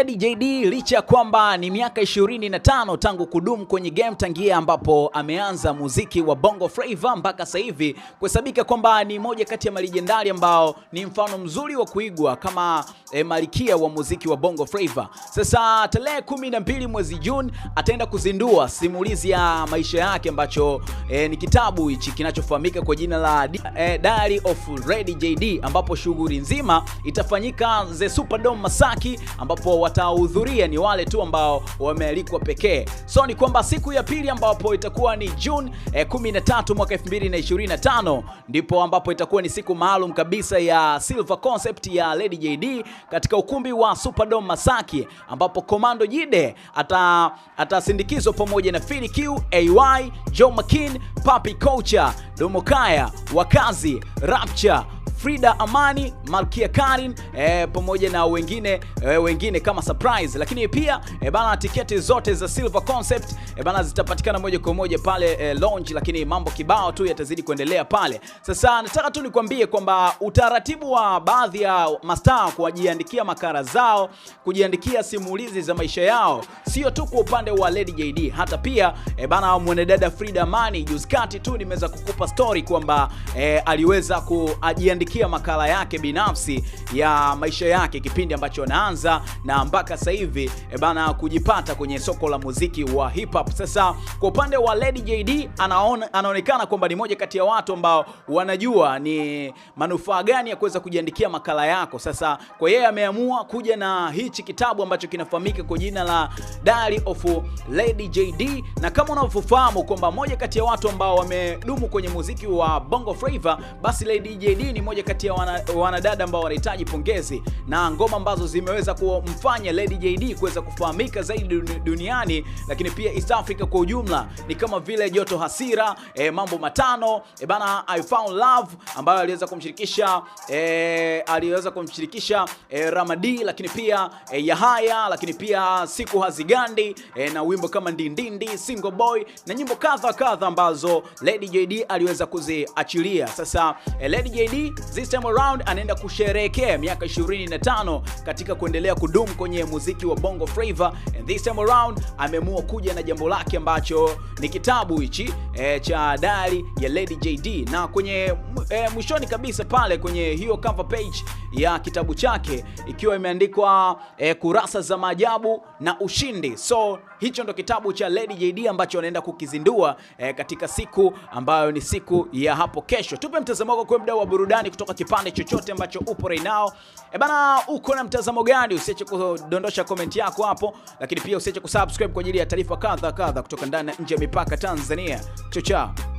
Alfred JD licha ya kwamba ni miaka 25 tangu kudumu kwenye game tangia ambapo ameanza muziki wa Bongo Flava mpaka sasa hivi, kuhesabika kwamba ni moja kati ya malijendari ambao ni mfano mzuri wa kuigwa kama e, eh, malikia wa muziki wa Bongo Flava. Sasa tarehe 12 mwezi Juni ataenda kuzindua simulizi ya maisha yake ambacho e, ni kitabu hichi kinachofahamika kwa jina la e, Diary of Red JD ambapo shughuli nzima itafanyika The Superdome Masaki ambapo watahudhuria ni wale tu ambao wamealikwa pekee. So ni kwamba siku ya pili ambapo itakuwa ni June eh, 13 mwaka 2025 ndipo ambapo itakuwa ni siku maalum kabisa ya Silver Concept ya Lady JD katika ukumbi wa Superdome Masaki ambapo Komando Jide ata atasindikizwa pamoja na Phil Q, AY, Joe McKean, Papi Kocha, Domokaya, Wakazi, Rapture Frida Amani, Malkia Karin e, pamoja na wengine e, wengine kama surprise, lakini pia e, bana tiketi zote za Silver Concept e, bana zitapatikana moja kwa moja pale e, lounge, lakini mambo kibao tu yatazidi kuendelea pale. Sasa nataka tu nikwambie kwamba utaratibu wa baadhi ya mastaa kujiandikia makara zao, kujiandikia simulizi za maisha yao sio tu kwa upande wa Lady JD, hata pia e, bana mwanadada Frida Amani juzi kati tu nimeweza kukupa story kwamba e, aliweza kujiandikia kuandikia makala yake binafsi ya maisha yake kipindi ambacho anaanza na mpaka sasa hivi e bana kujipata kwenye soko la muziki wa hip hop. Sasa kwa upande wa Lady JD anaona, anaonekana kwamba ni moja kati ya watu ambao wanajua ni manufaa gani ya kuweza kujiandikia makala yako. Sasa kwa yeye ameamua kuja na hichi kitabu ambacho kinafahamika kwa jina la Diary of Lady JD, na kama unavyofahamu kwamba moja kati ya watu ambao wamedumu kwenye muziki wa Bongo Flava, basi Lady JD ni moja mmoja kati ya wanadada wana ambao wanahitaji pongezi na ngoma ambazo zimeweza kumfanya Lady JD kuweza kufahamika zaidi duniani, lakini pia East Africa kwa ujumla ni kama vile joto hasira, e, mambo matano e, bana I found love ambayo aliweza kumshirikisha e, aliweza kumshirikisha e, Ramadi, lakini pia e, Yahaya, lakini pia siku hazigandi e, na wimbo kama ndindindi, single boy na nyimbo kadha kadha ambazo Lady JD aliweza kuziachilia. Sasa e, Lady JD This time around anaenda kusherehekea miaka 25 katika kuendelea kudumu kwenye muziki wa Bongo Flava and this time around ameamua kuja na jambo lake ambacho ni kitabu hichi e, cha dari ya Lady JD na kwenye e, mwishoni kabisa pale kwenye hiyo cover page ya kitabu chake ikiwa imeandikwa e, kurasa za maajabu na ushindi. So hicho ndo kitabu cha Lady JD ambacho anaenda kukizindua e, katika siku ambayo ni siku ya hapo kesho. Tupe mtazamo wako kwa mdau wa burudani kutoka kipande chochote ambacho upo right now. E bana, uko na mtazamo gani? Usiache kudondosha komenti yako hapo, lakini pia usiache kusubscribe kwa ajili ya taarifa kadha kadha kutoka ndani na nje ya mipaka Tanzania. Chochao.